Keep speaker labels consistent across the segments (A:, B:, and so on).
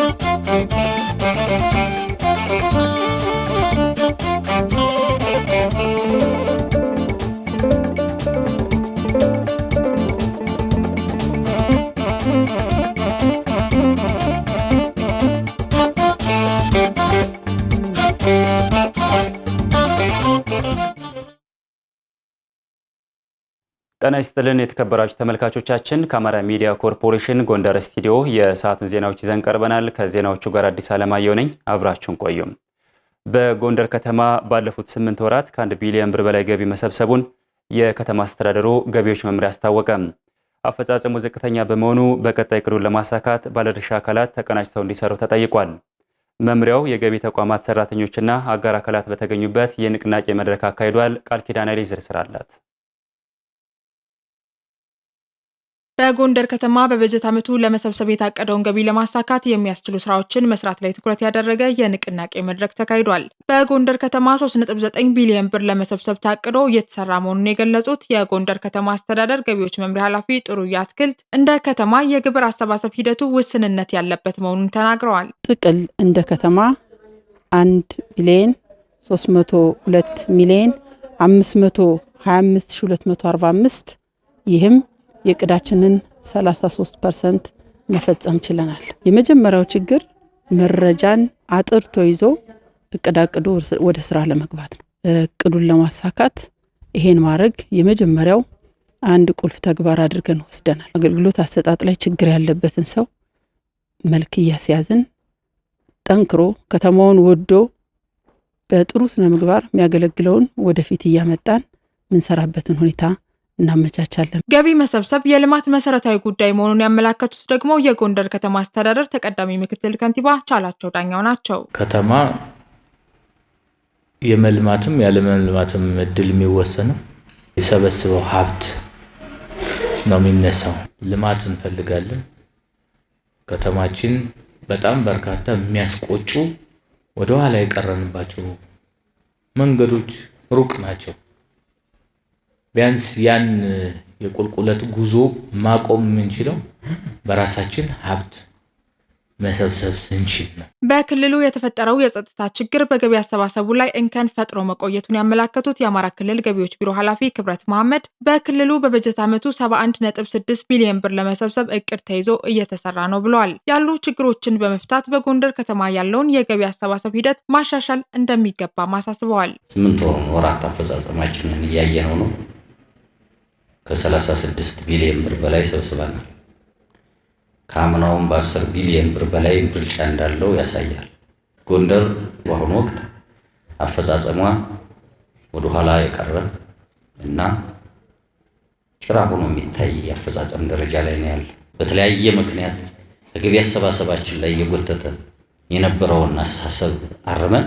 A: Thank you. ጤና ይስጥልን የተከበራችሁ ተመልካቾቻችን፣ ከአማራ ሚዲያ ኮርፖሬሽን ጎንደር ስቱዲዮ የሰዓቱን ዜናዎች ይዘን ቀርበናል። ከዜናዎቹ ጋር አዲስ አለማየሁ ነኝ። አብራችሁን ቆዩም። በጎንደር ከተማ ባለፉት ስምንት ወራት ከአንድ ቢሊዮን ብር በላይ ገቢ መሰብሰቡን የከተማ አስተዳደሩ ገቢዎች መምሪያ አስታወቀ። አፈጻጸሙ ዝቅተኛ በመሆኑ በቀጣይ እቅዱን ለማሳካት ባለድርሻ አካላት ተቀናጅተው እንዲሰሩ ተጠይቋል። መምሪያው የገቢ ተቋማት ሰራተኞችና አጋር አካላት በተገኙበት የንቅናቄ መድረክ አካሂዷል። ቃል ኪዳን ዝርዝር አላት።
B: በጎንደር ከተማ በበጀት ዓመቱ ለመሰብሰብ የታቀደውን ገቢ ለማሳካት የሚያስችሉ ስራዎችን መስራት ላይ ትኩረት ያደረገ የንቅናቄ መድረክ ተካሂዷል። በጎንደር ከተማ 3.9 ቢሊዮን ብር ለመሰብሰብ ታቅዶ እየተሰራ መሆኑን የገለጹት የጎንደር ከተማ አስተዳደር ገቢዎች መምሪያ ኃላፊ ጥሩዬ አትክልት እንደ ከተማ የግብር አሰባሰብ ሂደቱ ውስንነት ያለበት መሆኑን ተናግረዋል።
C: ጥቅል እንደ ከተማ 1 ቢሊዮን 302 ሚሊዮን 525245 ይህም የቅዳችንን 33 ፐርሰንት መፈጸም ችለናል። የመጀመሪያው ችግር መረጃን አጥርቶ ይዞ እቅዳቅዶ ወደ ስራ ለመግባት ነው። እቅዱን ለማሳካት ይሄን ማድረግ የመጀመሪያው አንድ ቁልፍ ተግባር አድርገን ወስደናል። አገልግሎት አሰጣጥ ላይ ችግር ያለበትን ሰው መልክ እያስያዝን ጠንክሮ ከተማውን ወዶ በጥሩ ስነ ምግባር የሚያገለግለውን ወደፊት እያመጣን ምንሰራበትን ሁኔታ እናመቻቻለን።
B: ገቢ መሰብሰብ የልማት መሰረታዊ ጉዳይ መሆኑን ያመላከቱት ደግሞ የጎንደር ከተማ አስተዳደር ተቀዳሚ ምክትል ከንቲባ ቻላቸው ዳኛው ናቸው።
D: ከተማ የመልማትም ያለመልማትም እድል የሚወሰነው የሰበስበው ሀብት ነው የሚነሳው። ልማት እንፈልጋለን። ከተማችን በጣም በርካታ የሚያስቆጩ ወደኋላ የቀረንባቸው መንገዶች ሩቅ ናቸው። ቢያንስ ያን የቁልቁለት ጉዞ ማቆም የምንችለው በራሳችን ሀብት መሰብሰብ ስንችል ነው።
B: በክልሉ የተፈጠረው የጸጥታ ችግር በገቢ አሰባሰቡ ላይ እንከን ፈጥሮ መቆየቱን ያመላከቱት የአማራ ክልል ገቢዎች ቢሮ ኃላፊ ክብረት መሐመድ በክልሉ በበጀት ዓመቱ 71.6 ቢሊዮን ብር ለመሰብሰብ እቅድ ተይዞ እየተሰራ ነው ብለዋል። ያሉ ችግሮችን በመፍታት በጎንደር ከተማ ያለውን የገቢ አሰባሰብ ሂደት ማሻሻል እንደሚገባ አሳስበዋል።
D: ስምንት ወራት አፈጻጸማችንን እያየነው ነው ከ36 ቢሊዮን ብር በላይ ሰብስበናል። ከአምናውም በ10 ቢሊዮን ብር በላይ ብልጫ እንዳለው ያሳያል። ጎንደር በአሁኑ ወቅት አፈጻጸሟ ወደኋላ የቀረ እና ጭራ ሆኖ የሚታይ የአፈጻጸም ደረጃ ላይ ነው ያለ። በተለያየ ምክንያት ከገቢ አሰባሰባችን ላይ እየጎተተ የነበረውን አስተሳሰብ አርመን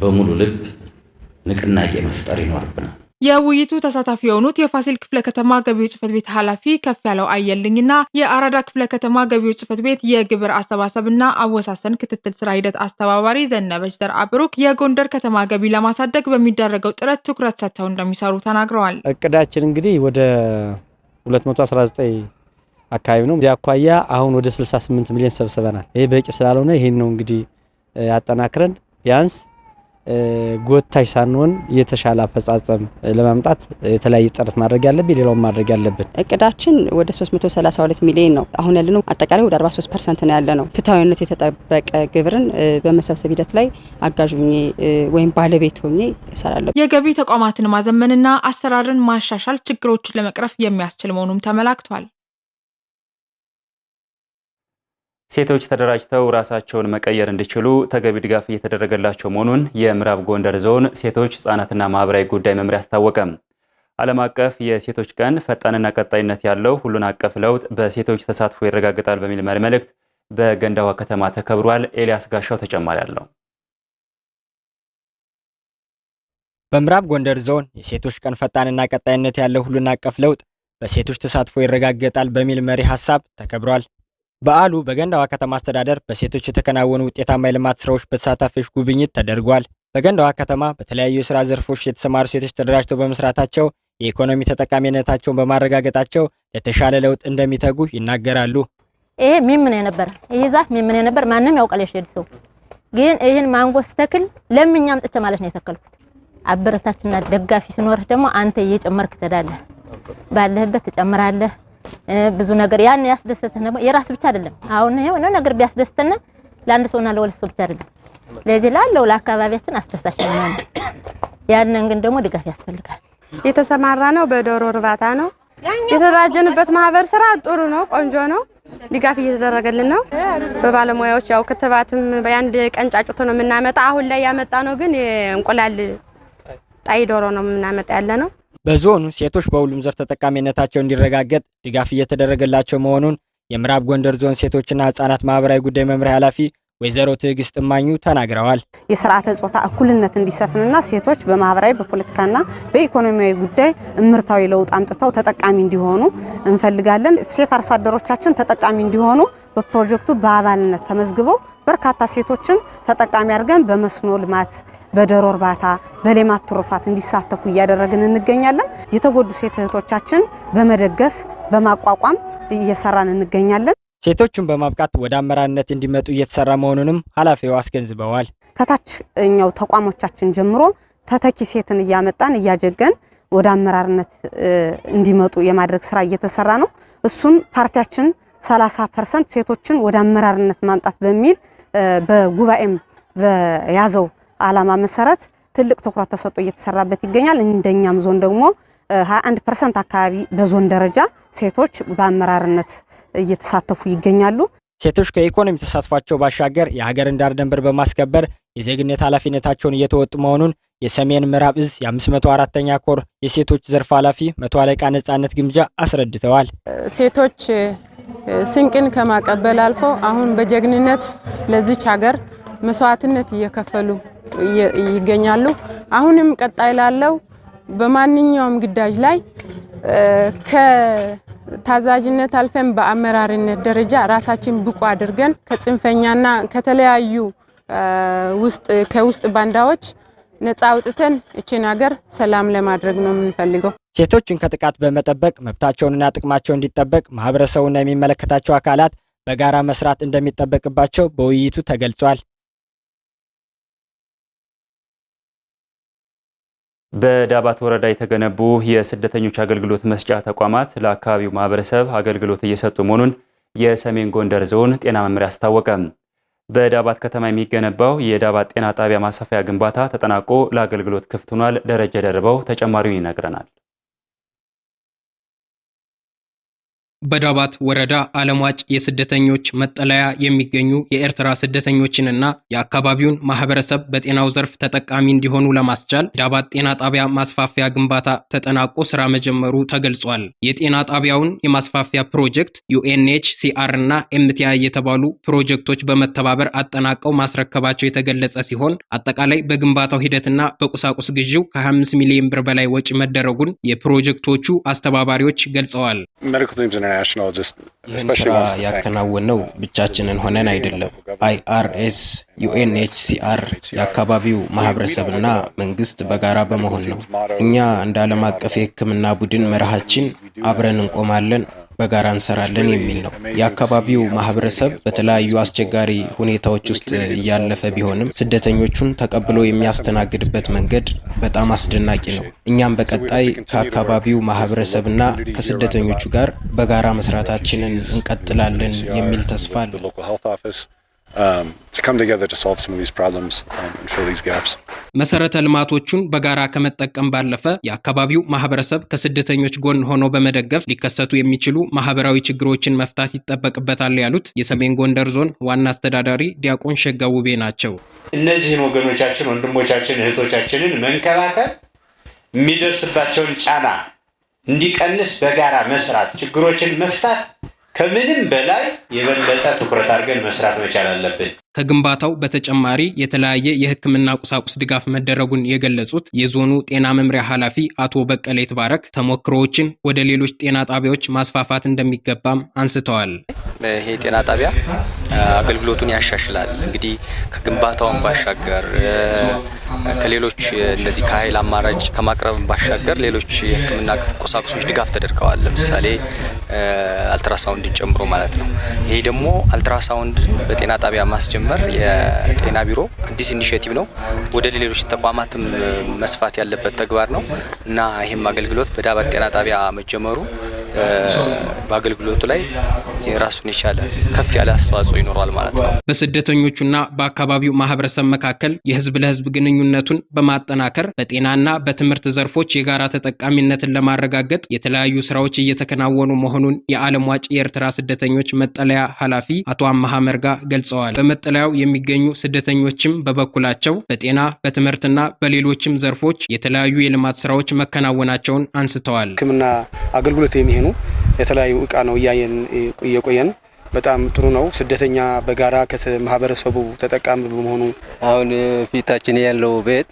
D: በሙሉ ልብ ንቅናቄ መፍጠር ይኖርብናል።
B: የውይይቱ ተሳታፊ የሆኑት የፋሲል ክፍለ ከተማ ገቢዎች ጽህፈት ቤት ኃላፊ ከፍ ያለው አየልኝና የአራዳ ክፍለ ከተማ ገቢዎች ጽህፈት ቤት የግብር አሰባሰብና አወሳሰን ክትትል ስራ ሂደት አስተባባሪ ዘነበች ዘርአ ብሩክ የጎንደር ከተማ ገቢ ለማሳደግ በሚደረገው ጥረት ትኩረት ሰጥተው እንደሚሰሩ ተናግረዋል።
E: እቅዳችን እንግዲህ ወደ 219 አካባቢ ነው። እዚያ አኳያ አሁን ወደ 68 ሚሊዮን ሰብስበናል። ይህ በቂ ስላልሆነ ይህን ነው እንግዲህ አጠናክረን ቢያንስ ጎታች ሳንሆን የተሻለ አፈጻጸም ለማምጣት የተለያየ ጥረት ማድረግ ያለብን ሌላውን ማድረግ ያለብን
F: እቅዳችን ወደ 332 ሚሊዮን ነው። አሁን ነው አጠቃላይ ወደ 43 ፐርሰንት ነው ነው። ፍትሐዊነት የተጠበቀ ግብርን በመሰብሰብ ሂደት ላይ አጋዥ ሆኜ ወይም ባለቤት ሆኜ እሰራለሁ።
B: የገቢ ተቋማትን ማዘመንና አሰራርን ማሻሻል ችግሮችን ለመቅረፍ የሚያስችል መሆኑም ተመላክቷል።
A: ሴቶች ተደራጅተው ራሳቸውን መቀየር እንዲችሉ ተገቢ ድጋፍ እየተደረገላቸው መሆኑን የምዕራብ ጎንደር ዞን ሴቶች ህጻናትና ማህበራዊ ጉዳይ መምሪያ አስታወቀ። ዓለም አቀፍ የሴቶች ቀን ፈጣንና ቀጣይነት ያለው ሁሉን አቀፍ ለውጥ በሴቶች ተሳትፎ ይረጋግጣል በሚል መሪ መልእክት በገንዳዋ ከተማ ተከብሯል። ኤልያስ ጋሻው ተጨማሪ አለው።
G: በምዕራብ ጎንደር ዞን የሴቶች ቀን ፈጣንና ቀጣይነት ያለው ሁሉን አቀፍ ለውጥ በሴቶች ተሳትፎ ይረጋገጣል በሚል መሪ ሀሳብ ተከብሯል። በዓሉ በገንዳዋ ከተማ አስተዳደር በሴቶች የተከናወኑ ውጤታማ የልማት ስራዎች በተሳታፊዎች ጉብኝት ተደርጓል። በገንዳዋ ከተማ በተለያዩ የስራ ዘርፎች የተሰማሩ ሴቶች ተደራጅተው በመስራታቸው የኢኮኖሚ ተጠቃሚነታቸውን በማረጋገጣቸው ለተሻለ ለውጥ እንደሚተጉ ይናገራሉ።
H: ይሄ ሚምን የነበረ ይህ ዛፍ ሚምን የነበር ማንም ያውቃል የሸድ ሰው ግን ይህን ማንጎ ስተክል ለምኛ አምጥቼ ማለት ነው የተከልኩት። አበረታችና ደጋፊ ሲኖርህ ደግሞ አንተ እየጨመርክ ትሄዳለህ፣ ባለህበት ትጨምራለህ ብዙ ነገር ያን ያስደስተን የራስ ብቻ አይደለም። አሁን የሆነ ነገር ቢያስደስተን ለአንድ ሰውና ለሁለት ሰው ብቻ አይደለም፣ ለዚህ ላለው ለአካባቢያችን አስደሳች ነው። ያንን ግን ደግሞ ድጋፍ ያስፈልጋል።
I: የተሰማራ ነው በዶሮ እርባታ ነው የተደራጀንበት ማህበር ስራ ጥሩ ነው፣ ቆንጆ ነው። ድጋፍ እየተደረገልን ነው በባለሙያዎች ያው ክትባትም በአንድ ቀን ጫጩት ነው የምናመጣ። አሁን ላይ ያመጣ ነው ግን እንቁላል ጣይ ዶሮ ነው የምናመጣ ያለ ነው።
G: በዞኑ ሴቶች በሁሉም ዘርፍ ተጠቃሚነታቸው እንዲረጋገጥ ድጋፍ እየተደረገላቸው መሆኑን የምዕራብ ጎንደር ዞን ሴቶችና ህጻናት ማህበራዊ ጉዳይ መምሪያ ኃላፊ ወይዘሮ ትዕግስት እማኙ ተናግረዋል።
F: የስርዓተ ጾታ እኩልነት እንዲሰፍንና ሴቶች በማህበራዊ በፖለቲካና በኢኮኖሚያዊ ጉዳይ እምርታዊ ለውጥ አምጥተው ተጠቃሚ እንዲሆኑ እንፈልጋለን። ሴት አርሶ አደሮቻችን ተጠቃሚ እንዲሆኑ በፕሮጀክቱ በአባልነት ተመዝግበው በርካታ ሴቶችን ተጠቃሚ አድርገን በመስኖ ልማት፣ በዶሮ እርባታ፣ በሌማት ትሩፋት እንዲሳተፉ እያደረግን እንገኛለን። የተጎዱ ሴት እህቶቻችን በመደገፍ በማቋቋም እየሰራን እንገኛለን።
G: ሴቶቹን በማብቃት ወደ አመራርነት እንዲመጡ እየተሰራ መሆኑንም ኃላፊው አስገንዝበዋል።
F: ከታችኛው ተቋሞቻችን ጀምሮ ተተኪ ሴትን እያመጣን እያጀገን ወደ አመራርነት እንዲመጡ የማድረግ ስራ እየተሰራ ነው። እሱም ፓርቲያችን 30 ፐርሰንት ሴቶችን ወደ አመራርነት ማምጣት በሚል በጉባኤም በያዘው ዓላማ መሰረት ትልቅ ትኩረት ተሰጥቶ እየተሰራበት ይገኛል። እንደኛም ዞን ደግሞ 21 ፐርሰንት አካባቢ በዞን ደረጃ ሴቶች በአመራርነት እየተሳተፉ ይገኛሉ።
G: ሴቶች ከኢኮኖሚ ተሳትፏቸው ባሻገር የሀገርን ዳር ድንበር በማስከበር የዜግነት ኃላፊነታቸውን እየተወጡ መሆኑን የሰሜን ምዕራብ እዝ የ504ኛ ኮር የሴቶች ዘርፍ ኃላፊ መቶ አለቃ ነጻነት ግምጃ አስረድተዋል።
J: ሴቶች ስንቅን ከማቀበል አልፎ አሁን በጀግንነት ለዚች ሀገር መስዋዕትነት እየከፈሉ ይገኛሉ። አሁንም ቀጣይ ላለው በማንኛውም ግዳጅ ላይ ከታዛዥነት አልፈን በአመራርነት ደረጃ ራሳችን ብቁ አድርገን ከጽንፈኛና ከተለያዩ ውስጥ ከውስጥ ባንዳዎች ነፃ አውጥተን እችን ሀገር ሰላም ለማድረግ ነው የምንፈልገው።
G: ሴቶችን ከጥቃት በመጠበቅ መብታቸውንና ጥቅማቸው እንዲጠበቅ ማህበረሰቡና የሚመለከታቸው አካላት በጋራ መስራት እንደሚጠበቅባቸው በውይይቱ ተገልጿል።
A: በዳባት ወረዳ የተገነቡ የስደተኞች አገልግሎት መስጫ ተቋማት ለአካባቢው ማህበረሰብ አገልግሎት እየሰጡ መሆኑን የሰሜን ጎንደር ዞን ጤና መምሪያ አስታወቀ። በዳባት ከተማ የሚገነባው የዳባት ጤና ጣቢያ ማስፋፊያ ግንባታ ተጠናቆ ለአገልግሎት ክፍት ሆኗል። ደረጀ ደርበው ተጨማሪውን ይነግረናል።
G: በዳባት ወረዳ አለማጭ የስደተኞች መጠለያ የሚገኙ የኤርትራ ስደተኞችንና የአካባቢውን ማህበረሰብ በጤናው ዘርፍ ተጠቃሚ እንዲሆኑ ለማስቻል ዳባት ጤና ጣቢያ ማስፋፊያ ግንባታ ተጠናቆ ስራ መጀመሩ ተገልጿል። የጤና ጣቢያውን የማስፋፊያ ፕሮጀክት ዩኤንኤችሲአር እና ኤምቲአ የተባሉ ፕሮጀክቶች በመተባበር አጠናቀው ማስረከባቸው የተገለጸ ሲሆን አጠቃላይ በግንባታው ሂደትና በቁሳቁስ ግዢው ከ25 ሚሊዮን ብር በላይ ወጪ መደረጉን የፕሮጀክቶቹ አስተባባሪዎች ገልጸዋል።
K: ይህን ስራ
L: ያከናወነው ብቻችንን ሆነን አይደለም። አይአርኤስ፣ ዩኤንኤችሲአር፣ የአካባቢው ማህበረሰብና መንግስት በጋራ በመሆን ነው። እኛ እንደ ዓለም አቀፍ የህክምና ቡድን መርሃችን አብረን እንቆማለን በጋራ እንሰራለን የሚል ነው። የአካባቢው ማህበረሰብ በተለያዩ አስቸጋሪ ሁኔታዎች ውስጥ እያለፈ ቢሆንም ስደተኞቹን ተቀብሎ የሚያስተናግድበት መንገድ በጣም አስደናቂ ነው። እኛም በቀጣይ ከአካባቢው ማህበረሰብና ከስደተኞቹ ጋር በጋራ መስራታችንን እንቀጥላለን የሚል ተስፋ አለ።
G: መሰረተ ልማቶቹን በጋራ ከመጠቀም ባለፈ የአካባቢው ማህበረሰብ ከስደተኞች ጎን ሆኖ በመደገፍ ሊከሰቱ የሚችሉ ማህበራዊ ችግሮችን መፍታት ይጠበቅበታል ያሉት የሰሜን ጎንደር ዞን ዋና አስተዳዳሪ ዲያቆን ሸጋ ውቤ ናቸው።
M: እነዚህን ወገኖቻችን፣ ወንድሞቻችን፣ እህቶቻችንን መንከባከብ የሚደርስባቸውን ጫና እንዲቀንስ በጋራ መስራት፣ ችግሮችን መፍታት ከምንም በላይ የበለጠ ትኩረት አድርገን መስራት መቻል አለብን።
G: ከግንባታው በተጨማሪ የተለያየ የሕክምና ቁሳቁስ ድጋፍ መደረጉን የገለጹት የዞኑ ጤና መምሪያ ኃላፊ አቶ በቀለ ይትባረክ ተሞክሮዎችን ወደ ሌሎች ጤና ጣቢያዎች ማስፋፋት እንደሚገባም አንስተዋል።
N: ይሄ ጤና ጣቢያ አገልግሎቱን ያሻሽላል። እንግዲህ ከግንባታውን ባሻገር ከሌሎች እነዚህ ከኃይል አማራጭ ከማቅረብ ባሻገር ሌሎች የህክምና ቁሳቁሶች ድጋፍ ተደርገዋል። ለምሳሌ አልትራሳውንድን ጨምሮ ማለት ነው። ይሄ ደግሞ አልትራሳውንድ በጤና ጣቢያ ማስጀ እንዲጀመር የጤና ቢሮ አዲስ ኢኒሽቲቭ ነው። ወደ ሌሎች ተቋማትም መስፋት ያለበት ተግባር ነው እና ይህም አገልግሎት በዳባት ጤና ጣቢያ መጀመሩ በአገልግሎቱ ላይ የራሱን የቻለ ከፍ ያለ አስተዋጽኦ ይኖራል ማለት ነው።
G: በስደተኞቹና በአካባቢው ማህበረሰብ መካከል የህዝብ ለህዝብ ግንኙነቱን በማጠናከር በጤናና በትምህርት ዘርፎች የጋራ ተጠቃሚነትን ለማረጋገጥ የተለያዩ ስራዎች እየተከናወኑ መሆኑን የዓለም ዋጭ የኤርትራ ስደተኞች መጠለያ ኃላፊ አቶ አመሀ መርጋ ገልጸዋል። በመጠለያው የሚገኙ ስደተኞችም በበኩላቸው በጤና በትምህርትና በሌሎችም ዘርፎች የተለያዩ የልማት ስራዎች መከናወናቸውን አንስተዋል።
O: ህክምና አገልግሎት የሚሆ ዲዛይኑ የተለያዩ እቃ ነው እያየን እየቆየን በጣም ጥሩ ነው። ስደተኛ በጋራ ከማህበረሰቡ ተጠቃሚ በመሆኑ
P: አሁን ፊታችን ያለው ቤት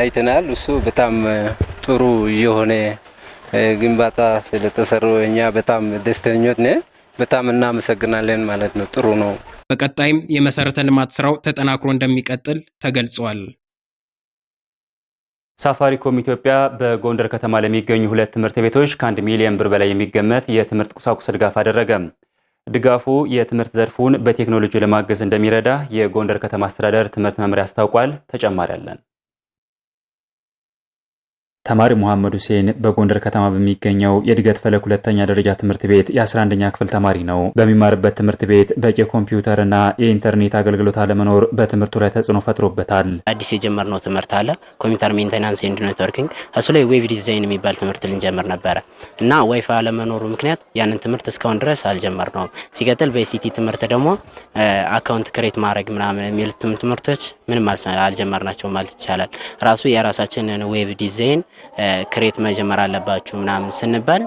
P: አይተናል። እሱ በጣም ጥሩ የሆነ ግንባታ ስለተሰሩ እኛ በጣም ደስተኞች ነ በጣም እናመሰግናለን ማለት ነው። ጥሩ ነው።
G: በቀጣይም የመሰረተ ልማት ስራው ተጠናክሮ እንደሚቀጥል ተገልጿል።
A: ሳፋሪኮም ኢትዮጵያ በጎንደር ከተማ ለሚገኙ ሁለት ትምህርት ቤቶች ከአንድ ሚሊዮን ብር በላይ የሚገመት የትምህርት ቁሳቁስ ድጋፍ አደረገ። ድጋፉ የትምህርት ዘርፉን በቴክኖሎጂ ለማገዝ እንደሚረዳ የጎንደር ከተማ አስተዳደር ትምህርት መምሪያ አስታውቋል። ተጨማሪ አለን።
G: ተማሪ መሐመድ ሁሴን በጎንደር ከተማ በሚገኘው የእድገት ፈለክ ሁለተኛ ደረጃ ትምህርት ቤት የ11ኛ ክፍል ተማሪ ነው። በሚማርበት ትምህርት ቤት በቂ ኮምፒውተርና የኢንተርኔት አገልግሎት አለመኖር በትምህርቱ ላይ ተጽዕኖ ፈጥሮበታል።
Q: አዲስ የጀመርነው ትምህርት አለ ኮምፒውተር ሜንቴናንስ ኤንድ ኔትወርኪንግ፣ እሱ ላይ ዌብ ዲዛይን የሚባል ትምህርት ልንጀምር ነበረ እና ዋይፋ አለመኖሩ ምክንያት ያንን ትምህርት እስካሁን ድረስ አልጀመርነውም። ሲቀጥል በኤሲቲ ትምህርት ደግሞ አካውንት ክሬት ማድረግ ምናምን የሚሉትም ትምህርቶች ምንም አልጀመርናቸው ማለት ይቻላል። ራሱ የራሳችንን ዌብ ዲዛይን ክሬት መጀመር አለባችሁ ምናምን ስንባል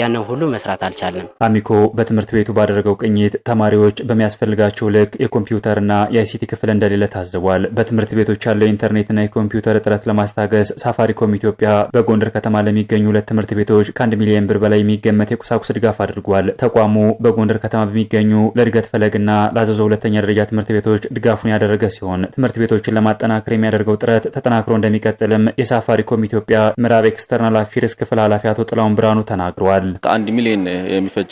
Q: ያንን ሁሉ መስራት አልቻለም።
G: አሚኮ በትምህርት ቤቱ ባደረገው ቅኝት ተማሪዎች በሚያስፈልጋቸው ልክ የኮምፒውተርና የአይሲቲ ክፍል እንደሌለ ታዝቧል። በትምህርት ቤቶች ያለው የኢንተርኔትና የኮምፒውተር እጥረት ለማስታገስ ሳፋሪኮም ኢትዮጵያ በጎንደር ከተማ ለሚገኙ ሁለት ትምህርት ቤቶች ከአንድ ሚሊዮን ብር በላይ የሚገመት የቁሳቁስ ድጋፍ አድርጓል። ተቋሙ በጎንደር ከተማ በሚገኙ ለእድገት ፈለግና ለአዘዞ ሁለተኛ ደረጃ ትምህርት ቤቶች ድጋፉን ያደረገ ሲሆን ትምህርት ቤቶችን ለማጠናከር የሚያደርገው ጥረት ተጠናክሮ እንደሚቀጥልም የሳፋሪኮም ኢትዮጵያ ምዕራብ ኤክስተርናል አፊርስ ክፍል ኃላፊ አቶ ጥላውን ብርሃኑ ተናግረዋል። ይሰጣል።
R: ከአንድ ሚሊዮን የሚፈጅ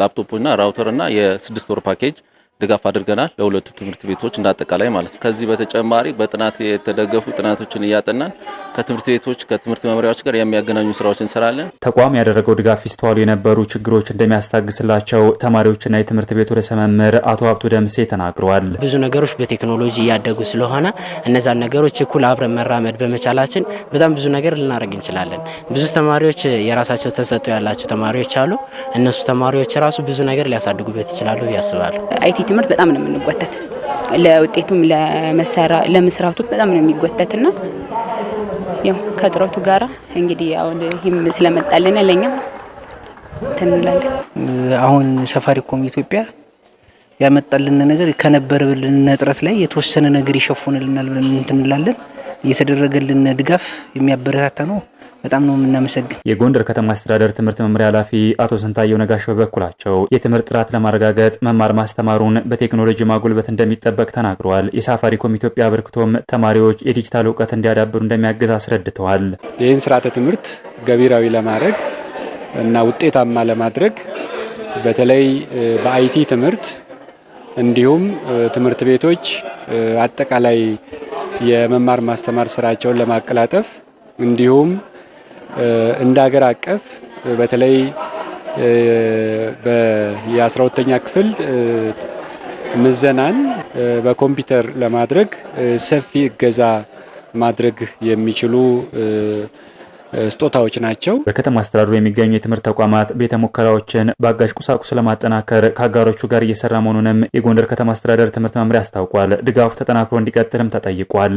R: ላፕቶፖችና ራውተር የስድስት ወር ፓኬጅ ድጋፍ አድርገናል ለሁለቱ ትምህርት ቤቶች እንዳጠቃላይ ማለት ነው። ከዚህ በተጨማሪ በጥናት የተደገፉ ጥናቶችን እያጠናን ከትምህርት ቤቶች ከትምህርት መምሪያዎች ጋር የሚያገናኙ ስራዎች እንሰራለን።
G: ተቋም ያደረገው ድጋፍ ይስተዋሉ የነበሩ ችግሮች እንደሚያስታግስላቸው ተማሪዎችና የትምህርት ቤቱ ርዕሰ መምህር አቶ ሀብቱ ደምሴ ተናግረዋል።
S: ብዙ ነገሮች በቴክኖሎጂ እያደጉ ስለሆነ እነዛን ነገሮች እኩል አብረን መራመድ በመቻላችን በጣም ብዙ ነገር ልናደርግ እንችላለን። ብዙ ተማሪዎች የራሳቸው ተሰጥኦ ያላቸው ተማሪዎች አሉ። እነሱ ተማሪዎች ራሱ ብዙ ነገር ሊያሳድጉበት ይችላሉ ያስባሉ።
T: ትምህርት በጣም ነው የምንጎተት፣ ለውጤቱም ለመስራቱ በጣም ነው የሚጎተትና ያው ከጥረቱ ጋራ እንግዲህ አሁን ይህም ስለመጣልን ለእኛም እንላለን።
U: አሁን ሰፋሪኮም ኢትዮጵያ ያመጣልን ነገር ከነበረብልን እጥረት ላይ የተወሰነ ነገር ይሸፉንልናል ብለን እንላለን። እየተደረገልን ድጋፍ የሚያበረታታ ነው። በጣም ነው የምናመሰግን።
G: የጎንደር ከተማ አስተዳደር ትምህርት መምሪያ ኃላፊ አቶ ስንታየው ነጋሽ በበኩላቸው የትምህርት ጥራት ለማረጋገጥ መማር ማስተማሩን በቴክኖሎጂ ማጉልበት እንደሚጠበቅ ተናግረዋል። የሳፋሪኮም ኢትዮጵያ አበርክቶም ተማሪዎች የዲጂታል እውቀት እንዲያዳብሩ እንደሚያግዝ አስረድተዋል።
V: ይህን ስርዓተ ትምህርት ገቢራዊ ለማድረግ እና ውጤታማ ለማድረግ በተለይ በአይቲ ትምህርት እንዲሁም ትምህርት ቤቶች አጠቃላይ የመማር ማስተማር ስራቸውን ለማቀላጠፍ እንዲሁም እንደ ሀገር አቀፍ በተለይ 12 ሁለተኛ ክፍል ምዘናን በኮምፒውተር ለማድረግ ሰፊ እገዛ ማድረግ የሚችሉ ስጦታዎች ናቸው።
G: በከተማ አስተዳደሩ የሚገኙ የትምህርት ተቋማት ቤተ ሙከራዎችን በአጋዥ ቁሳቁስ ለማጠናከር ከአጋሮቹ ጋር እየሰራ መሆኑንም የጎንደር ከተማ አስተዳደር ትምህርት መምሪያ አስታውቋል። ድጋፉ ተጠናክሮ እንዲቀጥልም ተጠይቋል።